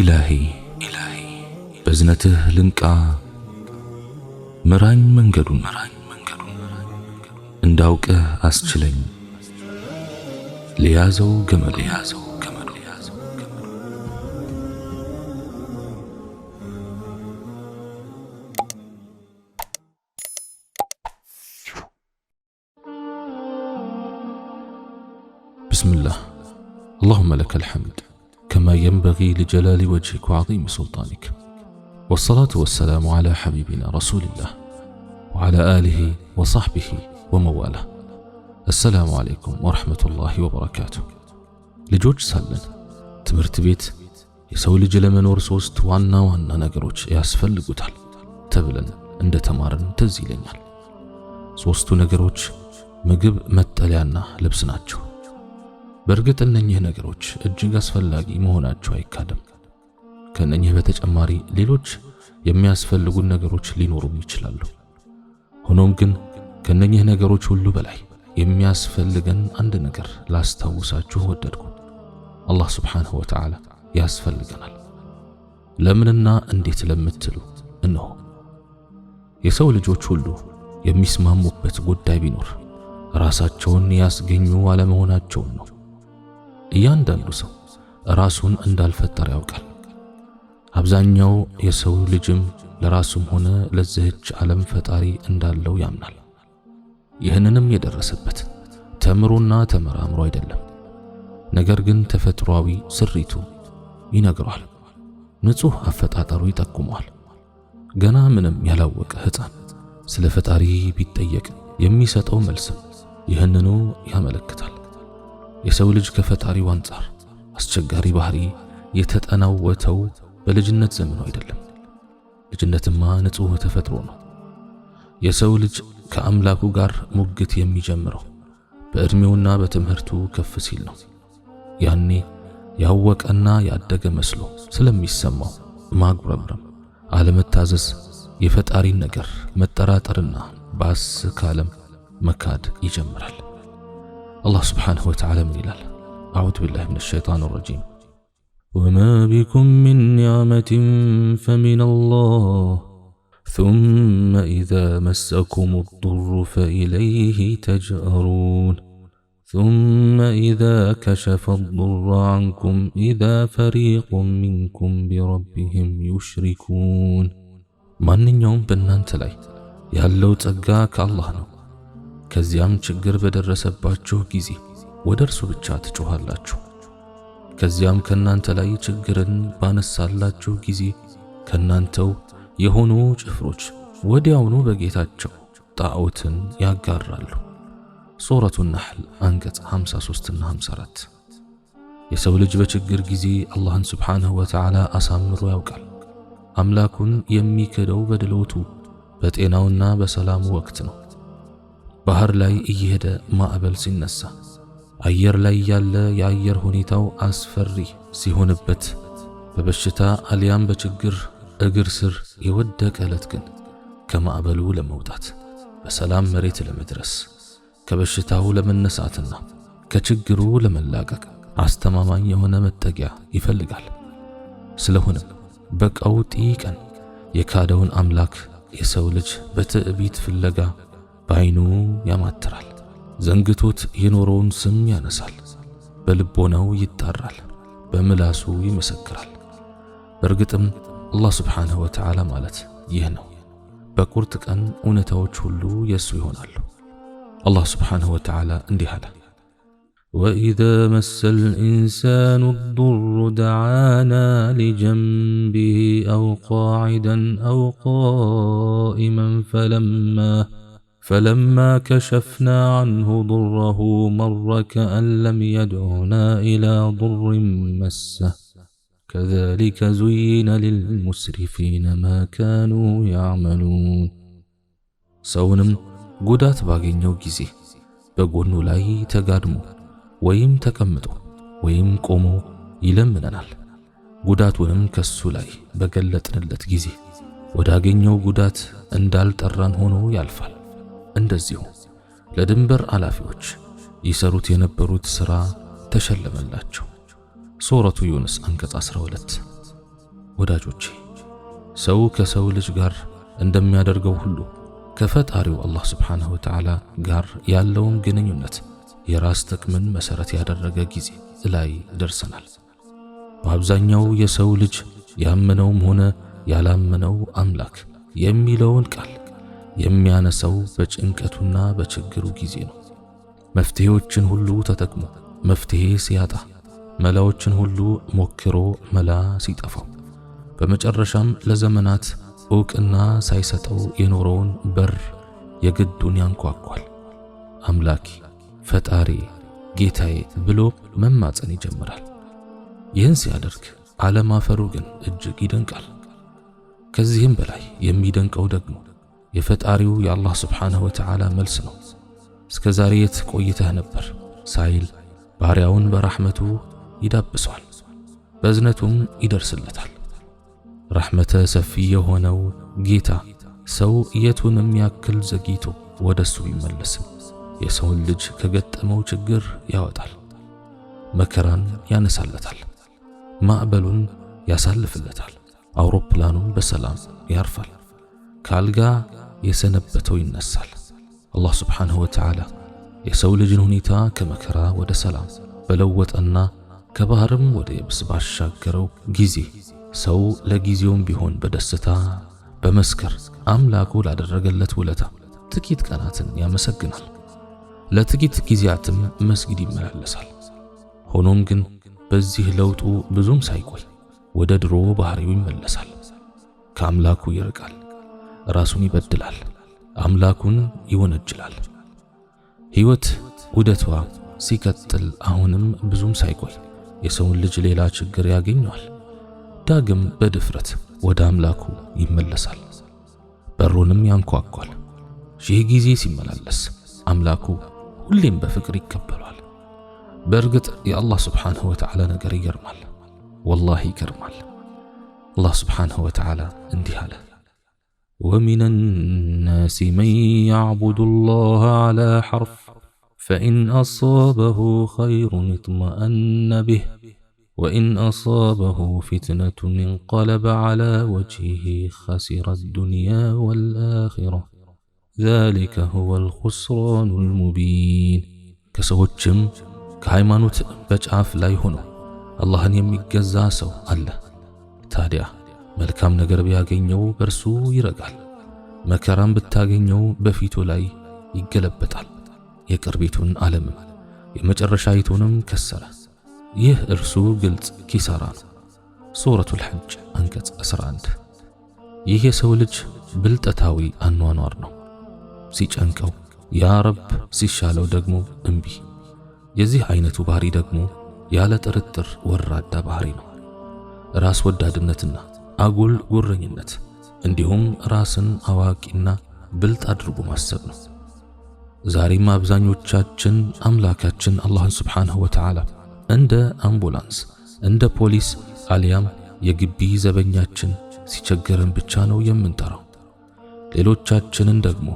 إلهي إلهي بزنته لنكا مران منجدو مران منجدو اندوك أسجلين ليازو جمل ليازو جمل ليازو جمل بسم الله اللهم لك الحمد كما ينبغي لجلال وجهك وعظيم سلطانك والصلاة والسلام على حبيبنا رسول الله وعلى آله وصحبه ومواله السلام عليكم ورحمة الله وبركاته سالن تمرت بيت يسوي የሰው ልጅ ለመኖር ሶስት وانا ዋና ነገሮች ያስፈልጉታል ተብለን እንደተማርን ትዝ ይለኛል። ሶስቱ ነገሮች ምግብ፣ መጠለያና ልብስ لبسناتشو በእርግጥ እነኚህ ነገሮች እጅግ አስፈላጊ መሆናቸው አይካድም። ከእነኚህ በተጨማሪ ሌሎች የሚያስፈልጉን ነገሮች ሊኖሩም ይችላሉ። ሆኖም ግን ከእነኚህ ነገሮች ሁሉ በላይ የሚያስፈልገን አንድ ነገር ላስታውሳችሁ ወደድኩ። አላህ ስብሓንሁ ወተዓላ ያስፈልገናል። ለምንና እንዴት ለምትሉ እነሆ የሰው ልጆች ሁሉ የሚስማሙበት ጉዳይ ቢኖር ራሳቸውን ያስገኙ አለመሆናቸውን ነው። እያንዳንዱ ሰው ራሱን እንዳልፈጠረ ያውቃል። አብዛኛው የሰው ልጅም ለራሱም ሆነ ለዚህች ዓለም ፈጣሪ እንዳለው ያምናል። ይህንንም የደረሰበት ተምሮና ተመራምሮ አይደለም፣ ነገር ግን ተፈጥሯዊ ስሪቱ ይነግረዋል። ንጹሕ አፈጣጠሩ ይጠቁመዋል። ገና ምንም ያላወቀ ሕፃን ስለ ፈጣሪ ቢጠየቅ የሚሰጠው መልስም ይህንኑ ያመለክታል። የሰው ልጅ ከፈጣሪው አንጻር አስቸጋሪ ባህሪ የተጠናወተው በልጅነት ዘመኑ አይደለም። ልጅነትማ ንጹሕ ተፈጥሮ ነው። የሰው ልጅ ከአምላኩ ጋር ሙግት የሚጀምረው በእድሜውና በትምህርቱ ከፍ ሲል ነው። ያኔ ያወቀና ያደገ መስሎ ስለሚሰማው ማጉረምረም፣ አለመታዘዝ፣ የፈጣሪን ነገር መጠራጠርና ባስ ካለም መካድ ይጀምራል። الله سبحانه وتعالى من إله أعوذ بالله من الشيطان الرجيم وما بكم من نعمة فمن الله ثم إذا مسكم الضر فإليه تجأرون ثم إذا كشف الضر عنكم إذا فريق منكم بربهم يشركون يوم በእናንተ ላይ ያለው ጸጋ الله نو ከዚያም ችግር በደረሰባችሁ ጊዜ ወደ እርሱ ብቻ ትጮኻላችሁ። ከዚያም ከናንተ ላይ ችግርን ባነሳላችሁ ጊዜ ከናንተው የሆኑ ጭፍሮች ወዲያውኑ በጌታቸው ጣዖትን ያጋራሉ። ሱረቱ ነሕል አንቀጽ 53 እና 54። የሰው ልጅ በችግር ጊዜ አላህን ስብሓንሁ ወተዓላ አሳምሮ ያውቃል። አምላኩን የሚክደው በድሎቱ በጤናውና በሰላሙ ወቅት ነው። ባህር ላይ እየሄደ ማዕበል ሲነሳ አየር ላይ ያለ የአየር ሁኔታው አስፈሪ ሲሆንበት በበሽታ አሊያም በችግር እግር ስር የወደቀ ዕለት ግን ከማዕበሉ ለመውጣት በሰላም መሬት ለመድረስ ከበሽታው ለመነሳትና ከችግሩ ለመላቀቅ አስተማማኝ የሆነ መጠጊያ ይፈልጋል። ስለሆነም በቀውጢ ቀን የካደውን አምላክ የሰው ልጅ በትዕቢት ፍለጋ በዓይኑ ያማትራል። ዘንግቶት የኖረውን ስም ያነሳል። በልቦናው ይጣራል፣ በምላሱ ይመሰክራል። በእርግጥም አላህ ስብሓንሁ ወተዓላ ማለት ይህ ነው። በቁርጥ ቀን እውነታዎች ሁሉ የእሱ ይሆናሉ። አላህ ስብሓንሁ ወተዓላ እንዲህ አለ፣ ወኢዛ መሰ ልኢንሳኑ ዱሩ ደዓና ሊጀንቢሂ አው ቃዒደን አው ቃኢመን ፈለማ فلما كشفنا عنه ضره مر كأن لم يدعنا إلى ضر مسه كذلك زين للمسرفين ما كانوا يعملون ሰውንም ጉዳት ባገኘው ጊዜ በጎኑ ላይ ተጋድሞ ወይም ተቀምጦ ወይም ቆሞ ይለምነናል። ጉዳቱንም ከሱ ላይ በገለጥንለት ጊዜ ወዳገኘው ጉዳት እንዳልጠራን ሆኖ ያልፋል። እንደዚሁ ለድንበር አላፊዎች ይሰሩት የነበሩት ሥራ ተሸለመላቸው። ሱረቱ ዩንስ አንቀጽ 12። ወዳጆቼ ሰው ከሰው ልጅ ጋር እንደሚያደርገው ሁሉ ከፈጣሪው አላህ ስብሓንሁ ወተዓላ ጋር ያለውን ግንኙነት የራስ ጥቅምን መሠረት ያደረገ ጊዜ ላይ ደርሰናል። በአብዛኛው የሰው ልጅ ያመነውም ሆነ ያላመነው አምላክ የሚለውን ቃል የሚያነሳው በጭንቀቱና በችግሩ ጊዜ ነው። መፍትሄዎችን ሁሉ ተጠቅሞ መፍትሄ ሲያጣ፣ መላዎችን ሁሉ ሞክሮ መላ ሲጠፋው፣ በመጨረሻም ለዘመናት እውቅና ሳይሰጠው የኖረውን በር የግዱን ያንኳኳል። አምላኬ፣ ፈጣሪ፣ ጌታዬ ብሎ መማፀን ይጀምራል። ይህን ሲያደርግ አፈሩ ግን እጅግ ይደንቃል። ከዚህም በላይ የሚደንቀው ደግሞ የፈጣሪው የአላህ ስብሓንሁ ወተዓላ መልስ ነው። እስከ ዛሬ የት ቆይተህ ነበር ሳይል ባሪያውን በራሕመቱ ይዳብሷል፣ በእዝነቱም ይደርስለታል። ራሕመተ ሰፊ የሆነው ጌታ ሰው የቱንም ያክል ዘግይቶ ወደ እሱ ቢመለስም የሰውን ልጅ ከገጠመው ችግር ያወጣል፣ መከራን ያነሳለታል፣ ማዕበሉን ያሳልፍለታል፣ አውሮፕላኑን በሰላም ያርፋል፣ ከአልጋ የሰነበተው ይነሳል። አላህ ስብሓንሁ ወተዓላ የሰው ልጅን ሁኔታ ከመከራ ወደ ሰላም በለወጠና ከባህርም ወደ የብስ ባሻገረው ጊዜ ሰው ለጊዜውም ቢሆን በደስታ በመስከር አምላኩ ላደረገለት ውለታ ጥቂት ቀናትን ያመሰግናል። ለጥቂት ጊዜያትም መስጊድ ይመላለሳል። ሆኖም ግን በዚህ ለውጡ ብዙም ሳይቆይ ወደ ድሮ ባህሪው ይመለሳል፣ ከአምላኩ ይርቃል። ራሱን ይበድላል፣ አምላኩን ይወነጅላል። ሕይወት ዑደቷ ሲቀጥል አሁንም ብዙም ሳይቆይ የሰውን ልጅ ሌላ ችግር ያገኘዋል። ዳግም በድፍረት ወደ አምላኩ ይመለሳል፣ በሩንም ያንኳኳል። ሺህ ጊዜ ሲመላለስ አምላኩ ሁሌም በፍቅር ይቀበሏል። በእርግጥ የአላህ ስብሓንሁ ወተዓላ ነገር ይገርማል፣ ወላሂ ይገርማል። አላህ ስብሓንሁ ወተዓላ እንዲህ አለ ومن الناس من يعبد الله على حرف فإن أصابه خير اطمأن به وإن أصابه فتنة انقلب على وجهه خسر الدنيا والآخرة ذلك هو الخسران المبين كسوچم كهيمانوت بچاف لا يهونو الله أن يمجزا سو الله تاديا መልካም ነገር ቢያገኘው እርሱ ይረጋል፣ መከራም ብታገኘው በፊቱ ላይ ይገለበጣል። የቅርቢቱን ዓለም የመጨረሻይቱንም ከሰረ። ይህ እርሱ ግልጽ ኪሳራ ነው። ሱረቱል ሐጅ አንቀጽ 11። ይህ የሰው ልጅ ብልጠታዊ አኗኗር ነው። ሲጨንቀው ያ ረብ፣ ሲሻለው ደግሞ እምቢ። የዚህ አይነቱ ባህሪ ደግሞ ያለ ጥርጥር ወራዳ ባህሪ ነው፣ ራስ ወዳድነትና አጉል ጉረኝነት እንዲሁም ራስን አዋቂና ብልጥ አድርጎ ማሰብ ነው። ዛሬም አብዛኞቻችን አምላካችን አላህን ሱብሓነሁ ወተዓላ እንደ አምቡላንስ፣ እንደ ፖሊስ አሊያም የግቢ ዘበኛችን ሲቸገረን ብቻ ነው የምንጠራው። ሌሎቻችንን ደግሞ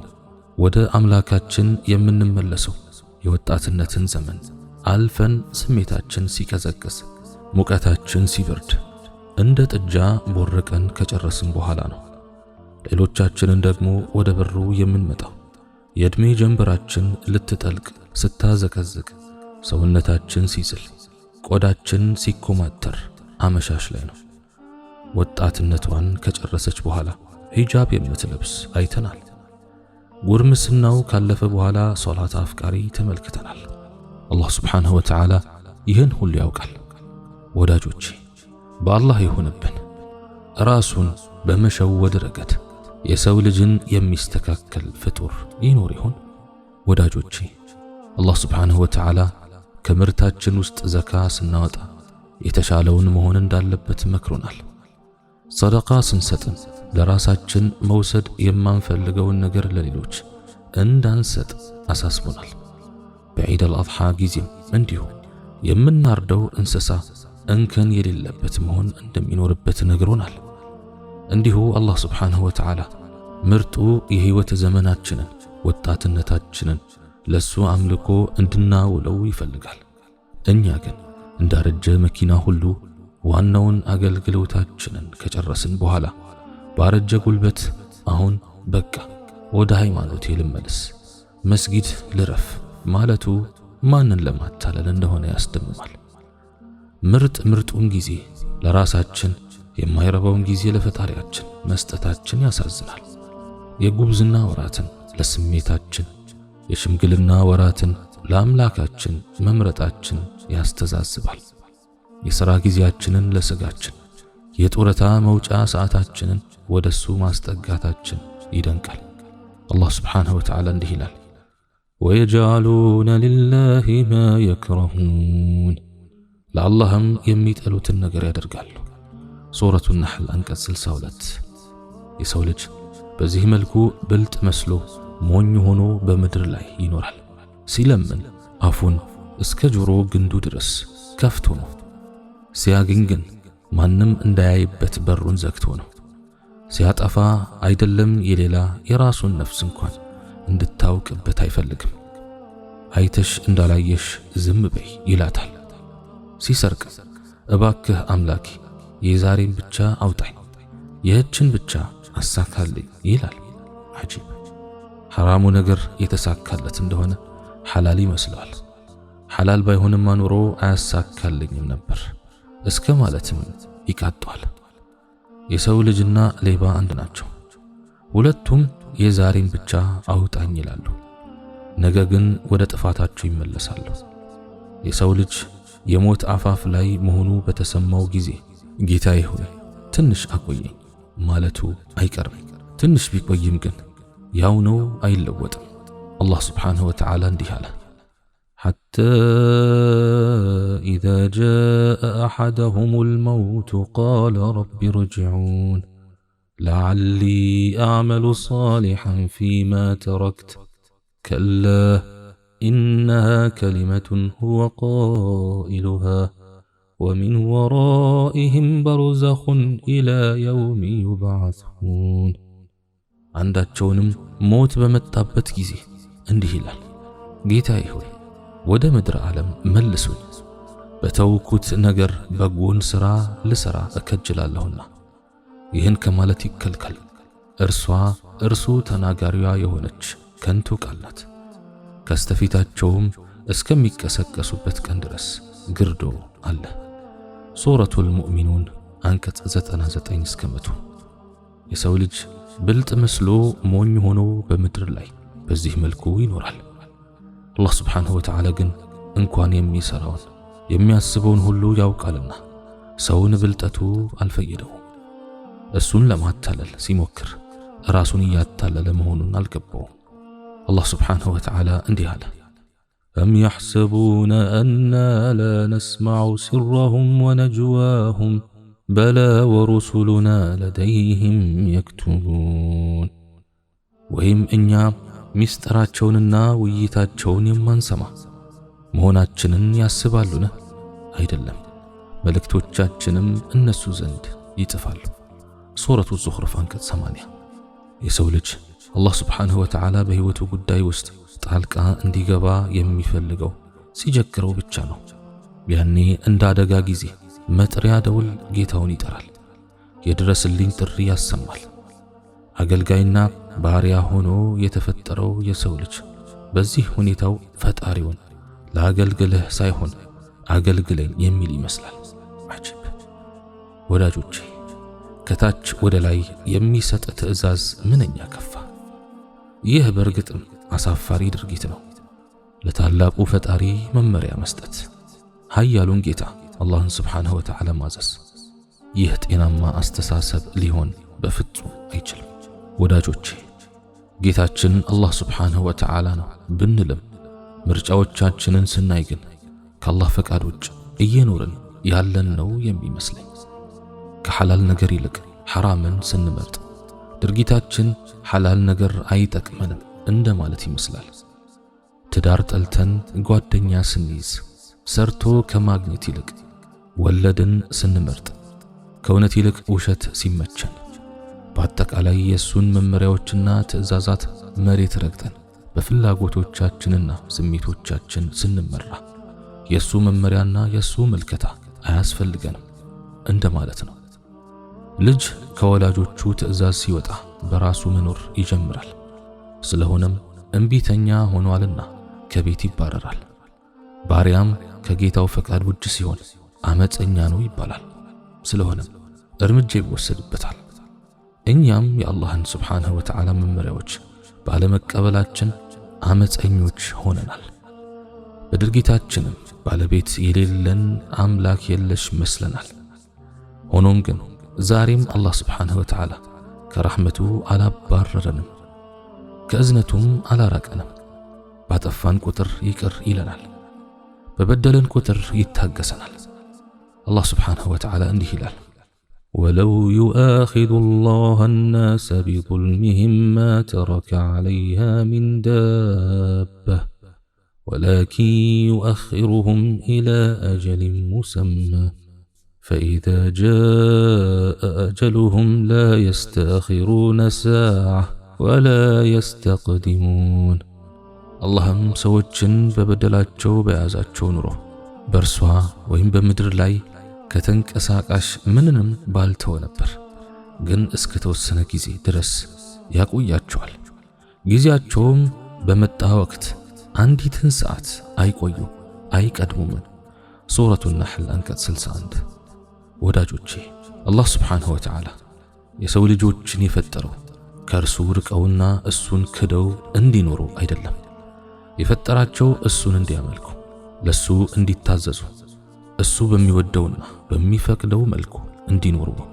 ወደ አምላካችን የምንመለሰው የወጣትነትን ዘመን አልፈን ስሜታችን ሲቀዘቅስ ሙቀታችን ሲብርድ። እንደ ጥጃ ቦርቀን ከጨረስን በኋላ ነው ሌሎቻችንን ደግሞ ወደ በሩ የምንመጣው። የእድሜ ጀንበራችን ልትጠልቅ ስታዘቀዝቅ፣ ሰውነታችን ሲዝል፣ ቆዳችን ሲኮማተር አመሻሽ ላይ ነው። ወጣትነቷን ከጨረሰች በኋላ ሂጃብ የምትለብስ አይተናል። ጉርምስናው ካለፈ በኋላ ሶላት አፍቃሪ ተመልክተናል። አላህ ሱብሓነሁ ወተዓላ ይህን ሁሉ ያውቃል ወዳጆቼ በአላህ ይሁንብን። ራሱን በመሸወድ ረገድ የሰው ልጅን የሚስተካከል ፍጡር ይኖር ይሆን? ወዳጆቼ አላህ ስብሓንሁ ወተዓላ ከምርታችን ውስጥ ዘካ ስናወጣ የተሻለውን መሆን እንዳለበት መክሮናል። ሰደቃ ስንሰጥም ለራሳችን መውሰድ የማንፈልገውን ነገር ለሌሎች እንዳንሰጥ አሳስቦናል። በዒድ አልአድሓ ጊዜም እንዲሁ የምናርደው እንስሳ እንከን የሌለበት መሆን እንደሚኖርበት ነግሮናል። እንዲሁ አላህ ስብሓንሁ ወተዓላ ምርጡ የሕይወት ዘመናችንን ወጣትነታችንን ለሱ አምልኮ እንድናውለው ይፈልጋል። እኛ ግን እንዳረጀ መኪና ሁሉ ዋናውን አገልግሎታችንን ከጨረስን በኋላ ባረጀ ጉልበት አሁን በቃ ወደ ሃይማኖቴ ልመለስ፣ መስጊድ ልረፍ ማለቱ ማንን ለማታለል እንደሆነ ያስደምማል። ምርጥ ምርጡን ጊዜ ለራሳችን የማይረባውን ጊዜ ለፈጣሪያችን መስጠታችን ያሳዝናል። የጉብዝና ወራትን ለስሜታችን፣ የሽምግልና ወራትን ለአምላካችን መምረጣችን ያስተዛዝባል። የሥራ ጊዜያችንን ለሥጋችን፣ የጡረታ መውጫ ሰዓታችንን ወደሱ ማስጠጋታችን ይደንቃል። አላህ ሱብሓነሁ ወተዓላ እንዲህ ይላል፣ ወየጅዐሉነ ሊላሂ ማ የክረሁን ለአላህም የሚጠሉትን ነገር ያደርጋሉ። ሱረቱ ነሕል አንቀጽ 62። የሰው ልጅ በዚህ መልኩ ብልጥ መስሎ ሞኝ ሆኖ በምድር ላይ ይኖራል። ሲለምን አፉን እስከ ጆሮ ግንዱ ድረስ ከፍቶ ነው። ሲያገኝ ግን ማንም እንዳያይበት በሩን ዘግቶ ነው። ሲያጠፋ አይደለም የሌላ የራሱን ነፍስ እንኳን እንድታውቅበት አይፈልግም። አይተሽ እንዳላየሽ ዝም በይ ይላታል። ሲሰርቅ እባክህ አምላኬ የዛሬን ብቻ አውጣኝ፣ ይህችን ብቻ አሳካልኝ ይላል። አጂብ! ሐራሙ ነገር የተሳካለት እንደሆነ ሐላል ይመስለዋል። ሐላል ባይሆንማ ኑሮ አያሳካልኝም ነበር እስከ ማለትም ይቃጧል። የሰው ልጅና ሌባ አንድ ናቸው። ሁለቱም የዛሬን ብቻ አውጣኝ ይላሉ፣ ነገ ግን ወደ ጥፋታቸው ይመለሳሉ። የሰው ልጅ يموت عفاف لاي مهنو بتسمو جيزي جيتاي هوي تنش اقوي مالتو اي كرم تنش بيك بيكو يمكن ياونو اي لوت الله سبحانه وتعالى اندي هاله حتى إذا جاء أحدهم الموت قال رب ارجعون لعلي أعمل صالحا فيما تركت كلا إنها كلمة هو قائلها ومن ورائهم برزخ إلى يوم يبعثون عند أتشونم موت بمتابت كيزي عندي هلال جيتا إيهوي ودى مدر عالم ملسون بتوكت نجر بقون سرا لسرا أكجل يهن كمالتي كالكل ይከልከል إرسو እርሱ ተናጋሪዋ የሆነች ከንቱ ቃላት ከስተፊታቸውም እስከሚቀሰቀሱበት ቀን ድረስ ግርዶ አለ። ሱረቱል ሙእሚኑን አንቀጽ 99 እስከ መቶ የሰው ልጅ ብልጥ መስሎ ሞኝ ሆኖ በምድር ላይ በዚህ መልኩ ይኖራል። አላህ ስብሓንሁ ወተዓላ ግን እንኳን የሚሠራውን የሚያስበውን ሁሉ ያውቃልና ሰውን ብልጠቱ አልፈየደውም። እሱን ለማታለል ሲሞክር ራሱን እያታለለ መሆኑን አልገባውም። አላህ ስብሓንሁ ወተዓላ እንዲህ አለ፣ አም የሕሰቡነ አና ላ ነስማዑ ሲራሁም ወነጅዋሁም በላ ወሩሱሉና ለደይህም የክቱቡን። ወይም እኛ ሚስጥራቸውንና ውይይታቸውን የማንሰማ መሆናችንን ያስባሉን? አይደለም፣ መልእክቶቻችንም እነሱ ዘንድ ይጽፋሉ። ሱረቱ ዙኽሩፍ አንቀጽ 80 የሰው ልጅ አላህ ስብሓንሁ ወተዓላ በሕይወቱ ጉዳይ ውስጥ ጣልቃ እንዲገባ የሚፈልገው ሲጀግረው ብቻ ነው። ያኔ እንደ አደጋ ጊዜ መጥሪያ ደውል ጌታውን ይጠራል፣ የድረስልኝ ጥሪ ያሰማል። አገልጋይና ባሪያ ሆኖ የተፈጠረው የሰው ልጅ በዚህ ሁኔታው ፈጣሪውን ለአገልግልህ ሳይሆን አገልግለኝ የሚል ይመስላል። አጅብ ወዳጆቼ፣ ከታች ወደ ላይ የሚሰጥ ትዕዛዝ ምንኛ ከፋ! ይህ በእርግጥም አሳፋሪ ድርጊት ነው። ለታላቁ ፈጣሪ መመሪያ መስጠት፣ ኃያሉን ጌታ አላህን ስብሓንሁ ወተዓላ ማዘዝ፣ ይህ ጤናማ አስተሳሰብ ሊሆን በፍጹም አይችልም። ወዳጆቼ ጌታችን አላህ ስብሓንሁ ወተዓላ ነው ብንልም ምርጫዎቻችንን ስናይ ግን ከአላህ ፈቃድ ውጭ እየኖርን ያለን ነው የሚመስለኝ። ከሐላል ነገር ይልቅ ሐራምን ስንመርጥ ድርጊታችን ሐላል ነገር አይጠቅመንም እንደማለት ይመስላል። ትዳር ጠልተን ጓደኛ ስንይዝ፣ ሰርቶ ከማግኘት ይልቅ ወለድን ስንመርጥ፣ ከእውነት ይልቅ ውሸት ሲመቸን፣ በአጠቃላይ የእሱን መመሪያዎችና ትዕዛዛት መሬት ረግጠን በፍላጎቶቻችንና ስሜቶቻችን ስንመራ የእሱ መመሪያና የእሱ ምልከታ አያስፈልገንም እንደማለት ነው። ልጅ ከወላጆቹ ትዕዛዝ ሲወጣ በራሱ መኖር ይጀምራል። ስለሆነም እምቢተኛ ሆኗልና ከቤት ይባረራል። ባሪያም ከጌታው ፈቃድ ውጭ ሲሆን አመፀኛ ነው ይባላል። ስለሆነም እርምጃ ይወሰድበታል። እኛም የአላህን ስብሓንሁ ወተዓላ መመሪያዎች ባለመቀበላችን አመፀኞች ሆነናል። በድርጊታችንም ባለቤት የሌለን አምላክ የለሽ መስለናል። ሆኖም ግን زاريم الله سبحانه وتعالى كرحمته على بررنا كأزنتم على راقنا باتفان كتر يكر إلنا ببدلن كتر يتهجسنا الله سبحانه وتعالى عنده هلال ولو يؤاخذ الله الناس بظلمهم ما ترك عليها من دابة ولكن يؤخرهم إلى أجل مسمى فإذا جاء أجلهم لا يستأخرون ساعة ولا يستقدمون አላህም ሰዎችን በበደላቸው በያዛቸው ኑሮ በእርሷ ወይም በምድር ላይ ከተንቀሳቃሽ ምንንም ባልተወ ነበር፣ ግን እስከ ተወሰነ ጊዜ ድረስ ያቆያቸዋል። ጊዜያቸውም በመጣ ወቅት አንዲትን ሰዓት አይቆዩ አይቀድሙምን። ሱረቱ ነሕል አንቀጽ 61 ወዳጆቼ አላህ ስብሓንሁ ወተዓላ የሰው ልጆችን የፈጠረው ከእርሱ ርቀውና እሱን ክደው እንዲኖሩ አይደለም። የፈጠራቸው እሱን እንዲያመልኩ፣ ለሱ እንዲታዘዙ፣ እሱ በሚወደውና በሚፈቅደው መልኩ እንዲኖሩ ነው።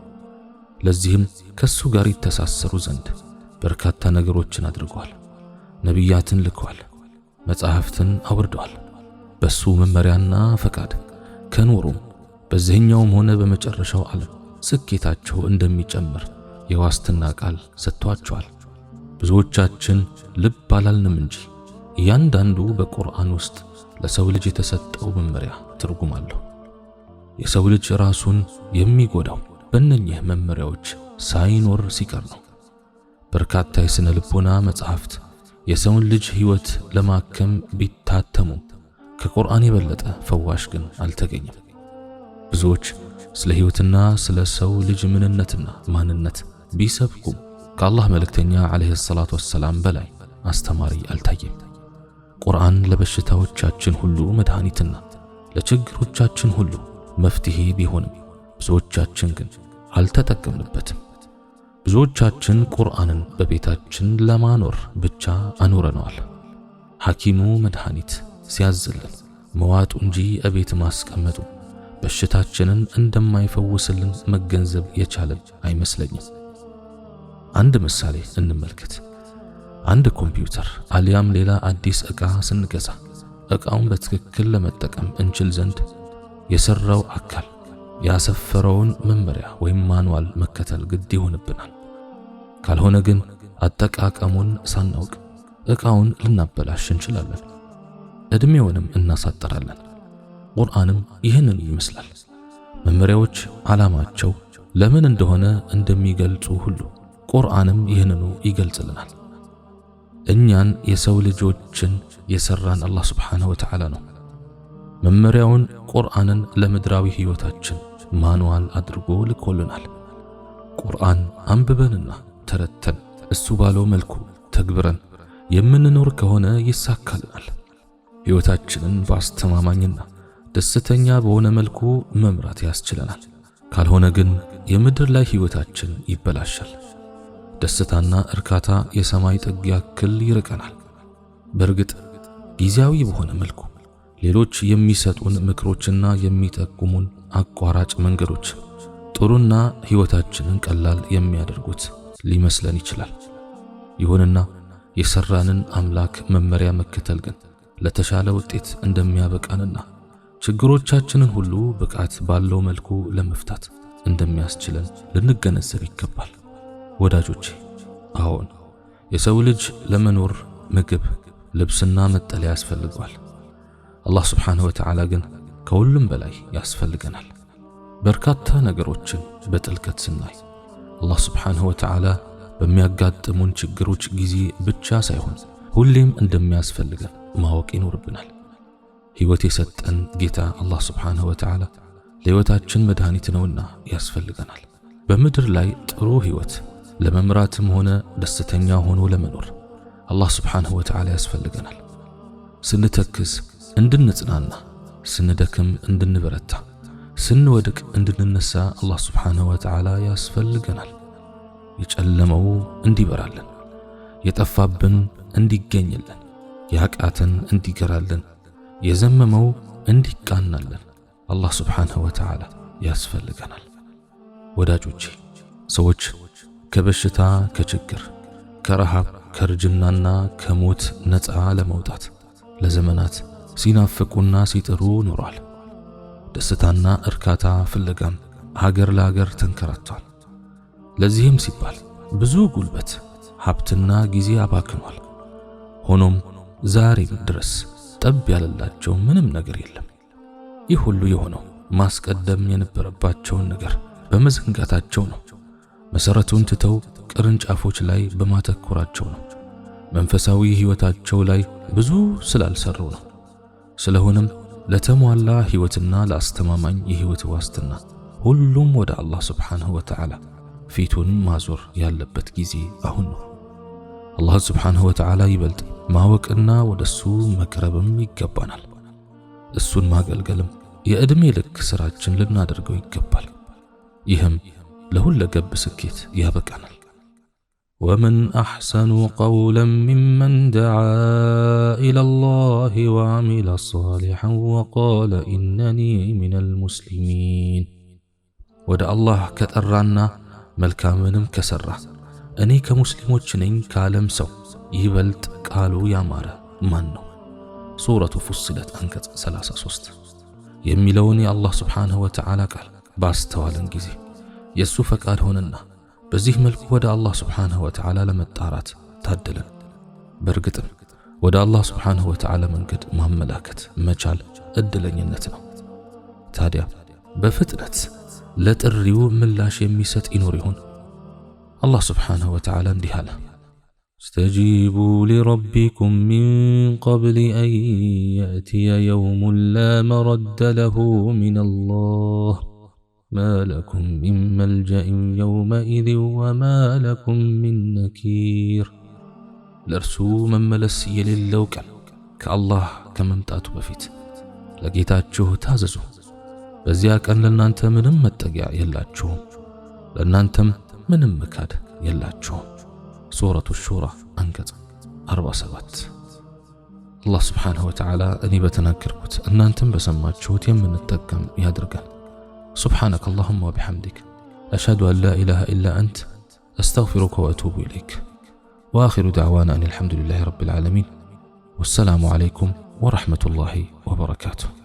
ለዚህም ከሱ ጋር ይተሳሰሩ ዘንድ በርካታ ነገሮችን አድርገዋል። ነቢያትን ልከዋል። መጻሕፍትን አውርደዋል። በሱ መመሪያና ፈቃድ ከኖሩም በዚህኛውም ሆነ በመጨረሻው ዓለም ስኬታቸው እንደሚጨምር የዋስትና ቃል ሰጥቷቸዋል። ብዙዎቻችን ልብ አላልንም እንጂ እያንዳንዱ በቁርአን ውስጥ ለሰው ልጅ የተሰጠው መመሪያ ትርጉም አለው። የሰው ልጅ ራሱን የሚጎዳው በእነኚህ መመሪያዎች ሳይኖር ሲቀር ነው። በርካታ የሥነ ልቦና መጻሕፍት የሰውን ልጅ ሕይወት ለማከም ቢታተሙ ከቁርአን የበለጠ ፈዋሽ ግን አልተገኘም። ብዙዎች ስለ ሕይወትና ስለ ሰው ልጅ ምንነትና ማንነት ቢሰብኩም ከአላህ መልእክተኛ ዓለይሂ ሰላቱ ወሰላም በላይ አስተማሪ አልታየም። ቁርአን ለበሽታዎቻችን ሁሉ መድኃኒትና ለችግሮቻችን ሁሉ መፍትሄ ቢሆንም ብዙዎቻችን ግን አልተጠቀምንበትም። ብዙዎቻችን ቁርአንን በቤታችን ለማኖር ብቻ አኖረነዋል። ሐኪሙ መድኃኒት ሲያዝልን መዋጡ እንጂ እቤት ማስቀመጡ በሽታችንን እንደማይፈውስልን መገንዘብ የቻለን አይመስለኝም። አንድ ምሳሌ እንመልከት። አንድ ኮምፒውተር አሊያም ሌላ አዲስ ዕቃ ስንገዛ ዕቃውን በትክክል ለመጠቀም እንችል ዘንድ የሰራው አካል ያሰፈረውን መመሪያ ወይም ማንዋል መከተል ግድ ይሆንብናል። ካልሆነ ግን አጠቃቀሙን ሳናውቅ ዕቃውን ልናበላሽ እንችላለን፣ ዕድሜውንም እናሳጠራለን። ቁርአንም ይህንን ይመስላል። መመሪያዎች ዓላማቸው ለምን እንደሆነ እንደሚገልጹ ሁሉ ቁርአንም ይህንኑ ይገልጽልናል። እኛን የሰው ልጆችን የሰራን አላህ ሱብሓነሁ ወተዓላ ነው። መመሪያውን ቁርአንን ለምድራዊ ሕይወታችን ማንዋል አድርጎ ልኮልናል። ቁርአን አንብበንና ተረተን እሱ ባለው መልኩ ተግብረን የምንኖር ከሆነ ይሳካልናል። ሕይወታችንን በአስተማማኝና ደስተኛ በሆነ መልኩ መምራት ያስችለናል። ካልሆነ ግን የምድር ላይ ሕይወታችን ይበላሻል። ደስታና እርካታ የሰማይ ጥግ ያክል ይርቀናል። በእርግጥ ጊዜያዊ በሆነ መልኩ ሌሎች የሚሰጡን ምክሮችና የሚጠቁሙን አቋራጭ መንገዶች ጥሩና ሕይወታችንን ቀላል የሚያደርጉት ሊመስለን ይችላል። ይሁንና የሰራንን አምላክ መመሪያ መከተል ግን ለተሻለ ውጤት እንደሚያበቃንና ችግሮቻችንን ሁሉ ብቃት ባለው መልኩ ለመፍታት እንደሚያስችለን ልንገነዘብ ይገባል። ወዳጆቼ፣ አሁን የሰው ልጅ ለመኖር ምግብ፣ ልብስና መጠለያ ያስፈልገዋል። አላህ ስብሓንሁ ወተዓላ ግን ከሁሉም በላይ ያስፈልገናል። በርካታ ነገሮችን በጥልቀት ስናይ አላህ ስብሓንሁ ወተዓላ በሚያጋጥሙን ችግሮች ጊዜ ብቻ ሳይሆን ሁሌም እንደሚያስፈልገን ማወቅ ይኖርብናል። ሕይወት የሰጠን ጌታ አላህ ስብሓንሁ ወተዓላ ለሕይወታችን መድኃኒት ነውና ያስፈልገናል። በምድር ላይ ጥሩ ሕይወት ለመምራትም ሆነ ደስተኛ ሆኖ ለመኖር አላህ ስብሓንሁ ወተዓላ ያስፈልገናል። ስንተክዝ እንድንጽናና፣ ስንደክም እንድንበረታ፣ ስንወድቅ እንድንነሳ አላህ ስብሓንሁ ወተዓላ ያስፈልገናል። የጨለመው እንዲበራልን፣ የጠፋብን እንዲገኝልን፣ ያቃተን እንዲገራልን የዘመመው እንዲቃናለን አላህ ስብሓንሁ ወተዓላ ያስፈልገናል። ወዳጆቼ ሰዎች ከበሽታ ከችግር፣ ከረሃብ፣ ከርጅናና ከሞት ነፃ ለመውጣት ለዘመናት ሲናፍቁና ሲጥሩ ኖሯል። ደስታና እርካታ ፍለጋም ሀገር ለሀገር ተንከራቷል። ለዚህም ሲባል ብዙ ጉልበት ሀብትና ጊዜ አባክኗል። ሆኖም ዛሬም ድረስ ጠብ ያለላቸው ምንም ነገር የለም። ይህ ሁሉ የሆነው ማስቀደም የነበረባቸውን ነገር በመዘንጋታቸው ነው። መሰረቱን ትተው ቅርንጫፎች ላይ በማተኮራቸው ነው። መንፈሳዊ ህይወታቸው ላይ ብዙ ስላልሰሩ ነው። ስለሆነም ለተሟላ ህይወትና ለአስተማማኝ የህይወት ዋስትና ሁሉም ወደ አላህ ስብሓንሁ ወተዓላ ፊቱን ማዞር ያለበት ጊዜ አሁን ነው። አላህ ስብሓንሁ ወተዓላ ይበልጥ ማወቅና ወደ እሱ መቅረብም ይገባናል። እሱን ማገልገልም የዕድሜ ልክ ሥራችን ልናደርገው ይገባል። ይህም ለሁለ ገብ ስኬት ያበቃናል። ወመን አሕሰኑ ቀውለን ሚመን ደዓ ኢለላህ ወዓሚለ ሷሊሐን ወቃለ ኢነኒ ሚነል ሙስሊሚን ወደ አላህ ከጠራና መልካምንም ከሠራ እኔ ከሙስሊሞች ነኝ ከዓለም ሰው ይበልጥ ቃሉ ያማረ ማን ነው? ሱረቱ ፉስለት አንቀጽ 33 የሚለውን የአላህ ስብሓንሁ ወተዓላ ቃል ባስተዋልን ጊዜ የእሱ ፈቃድ ሆነና በዚህ መልኩ ወደ አላህ ስብሓንሁ ወተዓላ ለመጣራት ታደለን። በእርግጥም ወደ አላህ ስብሓንሁ ወተዓላ መንገድ ማመላከት መቻል እድለኝነት ነው። ታዲያ በፍጥነት ለጥሪው ምላሽ የሚሰጥ ይኖር ይሆን? الله سبحانه وتعالى اندهاله استجيبوا لربكم من قبل أن يأتي يوم لا مرد له من الله ما لكم من ملجأ يومئذ وما لكم من نكير لرسو من ملسي للوك كالله كم امتات بفيت لقيتاتشوه تاززو بزياك أن لنا أنت من أمتك يا لنا أنتم ምንም መካድ የላችሁም። ሱረቱ ሹራ አንቀጽ 47 አላህ ስብሓንሁ ወተዓላ እኔ በተናገርኩት እናንተም በሰማችሁት የምንጠቀም ያድርገን። ሱብሓነከ አላሁማ ወቢሐምዲክ አሽሃዱ አን ላ ኢላሃ ኢላ አንት አስተግፊሩከ ወአቱቡ ኢለይክ وآخر دعوانا أن الحمد لله رب العالمين والسلام عليكم ورحمة الله وبركاته